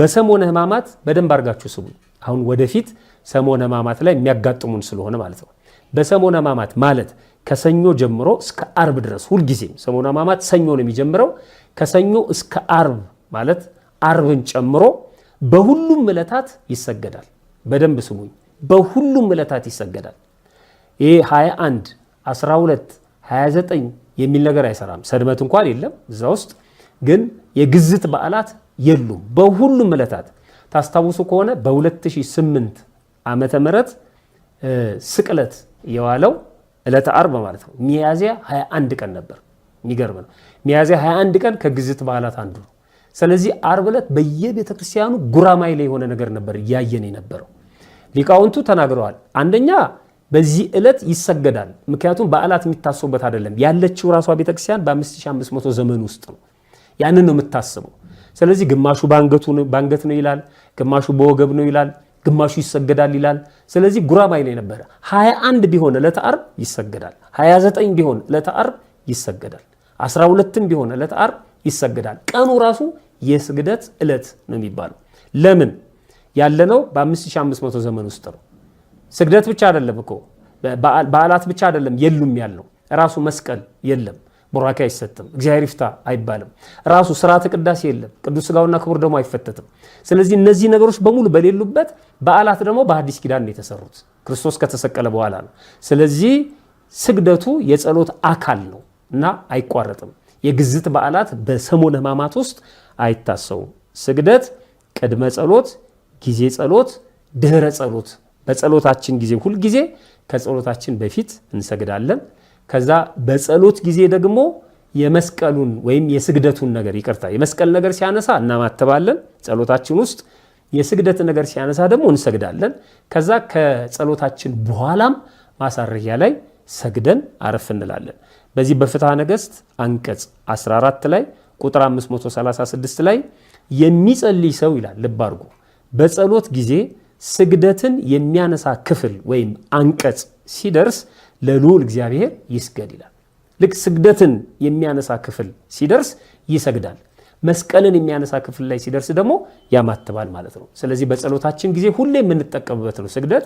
በሰሞነ ህማማት በደንብ አድርጋችሁ ስቡ። አሁን ወደፊት ሰሞነ ህማማት ላይ የሚያጋጥሙን ስለሆነ ማለት ነው። በሰሞነ ህማማት ማለት ከሰኞ ጀምሮ እስከ አርብ ድረስ ሁልጊዜም ሰሞነ ህማማት ሰኞ ነው የሚጀምረው። ከሰኞ እስከ አርብ ማለት አርብን ጨምሮ በሁሉም ዕለታት ይሰገዳል። በደንብ ስሙኝ። በሁሉም ዕለታት ይሰገዳል። ይሄ 21 12 29 የሚል ነገር አይሰራም። ሰድመት እንኳን የለም እዛ ውስጥ ግን የግዝት በዓላት የሉም። በሁሉም ዕለታት ታስታውሱ ከሆነ በ2008 ዓመተ ምህረት ስቅለት የዋለው ዕለተ ዓርብ ማለት ነው ሚያዝያ 21 ቀን ነበር። የሚገርም ነው። ሚያዝያ 21 ቀን ከግዝት በዓላት አንዱ ነው። ስለዚህ ዓርብ ዕለት በየቤተ ክርስቲያኑ ጉራማይ ላይ የሆነ ነገር ነበር እያየን የነበረው። ሊቃውንቱ ተናግረዋል። አንደኛ በዚህ ዕለት ይሰገዳል። ምክንያቱም በዓላት የሚታሰቡበት አይደለም። ያለችው ራሷ ቤተክርስቲያን በ5500 ዘመን ውስጥ ነው። ያንን ነው የምታስበው። ስለዚህ ግማሹ በአንገት ነው ይላል፣ ግማሹ በወገብ ነው ይላል፣ ግማሹ ይሰገዳል ይላል። ስለዚህ ጉራማይ ነው የነበረ። 21 ቢሆን ዕለተ ዓርብ ይሰገዳል፣ 29 ቢሆን ዕለተ ዓርብ ይሰገዳል፣ ቢሆን ዕለተ ዓርብ ይሰገዳል። ቀኑ ራሱ የስግደት ዕለት ነው የሚባለው። ለምን ያለነው በ5500 ዘመን ውስጥ ነው። ስግደት ብቻ አይደለም እኮ በዓላት ብቻ አይደለም የሉም ያለው ራሱ መስቀል የለም ቡራኬ አይሰጥም፣ እግዚአብሔር ይፍታ አይባልም። ራሱ ስርዓተ ቅዳሴ የለም፣ ቅዱስ ስጋውና ክቡር ደግሞ አይፈተትም። ስለዚህ እነዚህ ነገሮች በሙሉ በሌሉበት በዓላት ደግሞ በአዲስ ኪዳን ነው የተሰሩት፣ ክርስቶስ ከተሰቀለ በኋላ ነው። ስለዚህ ስግደቱ የጸሎት አካል ነው እና አይቋረጥም። የግዝት በዓላት በሰሙነ ሕማማት ውስጥ አይታሰውም ስግደት ቅድመ ጸሎት፣ ጊዜ ጸሎት፣ ድህረ ጸሎት። በጸሎታችን ጊዜ ሁልጊዜ ከጸሎታችን በፊት እንሰግዳለን። ከዛ በጸሎት ጊዜ ደግሞ የመስቀሉን ወይም የስግደቱን ነገር ይቅርታ፣ የመስቀል ነገር ሲያነሳ እናማትባለን ጸሎታችን ውስጥ፣ የስግደት ነገር ሲያነሳ ደግሞ እንሰግዳለን። ከዛ ከጸሎታችን በኋላም ማሳረጊያ ላይ ሰግደን አረፍ እንላለን። በዚህ በፍትሐ ነገሥት አንቀጽ 14 ላይ ቁጥር 536 ላይ የሚጸልይ ሰው ይላል። ልብ አድርጎ በጸሎት ጊዜ ስግደትን የሚያነሳ ክፍል ወይም አንቀጽ ሲደርስ ለልዑል እግዚአብሔር ይስገድ ይላል። ልክ ስግደትን የሚያነሳ ክፍል ሲደርስ ይሰግዳል። መስቀልን የሚያነሳ ክፍል ላይ ሲደርስ ደግሞ ያማትባል ማለት ነው። ስለዚህ በጸሎታችን ጊዜ ሁሌ የምንጠቀምበት ነው። ስግደት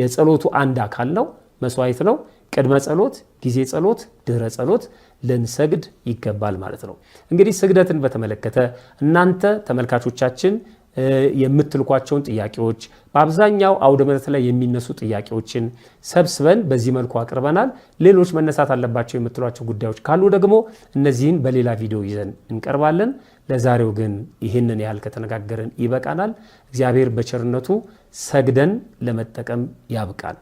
የጸሎቱ አንድ አካል ነው፣ መስዋዕት ነው። ቅድመ ጸሎት፣ ጊዜ ጸሎት፣ ድህረ ጸሎት ልንሰግድ ይገባል ማለት ነው። እንግዲህ ስግደትን በተመለከተ እናንተ ተመልካቾቻችን የምትልኳቸውን ጥያቄዎች በአብዛኛው አውደ ምሕረት ላይ የሚነሱ ጥያቄዎችን ሰብስበን በዚህ መልኩ አቅርበናል። ሌሎች መነሳት አለባቸው የምትሏቸው ጉዳዮች ካሉ ደግሞ እነዚህን በሌላ ቪዲዮ ይዘን እንቀርባለን። ለዛሬው ግን ይህንን ያህል ከተነጋገርን ይበቃናል። እግዚአብሔር በቸርነቱ ሰግደን ለመጠቀም ያብቃል።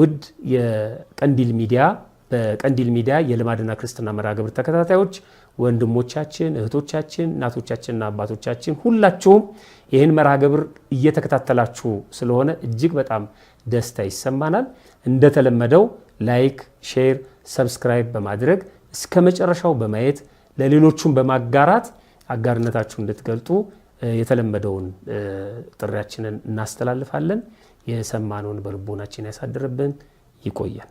ውድ የቀንዲል ሚዲያ በቀንዲል ሚዲያ የልማድና ክርስትና መርሃ ግብር ተከታታዮች ወንድሞቻችን፣ እህቶቻችን፣ እናቶቻችንና አባቶቻችን ሁላችሁም ይህን መርሃ ግብር እየተከታተላችሁ ስለሆነ እጅግ በጣም ደስታ ይሰማናል። እንደተለመደው ላይክ፣ ሼር፣ ሰብስክራይብ በማድረግ እስከ መጨረሻው በማየት ለሌሎቹም በማጋራት አጋርነታችሁ እንድትገልጡ የተለመደውን ጥሪያችንን እናስተላልፋለን። የሰማነውን በልቦናችን ያሳድርብን። ይቆያል።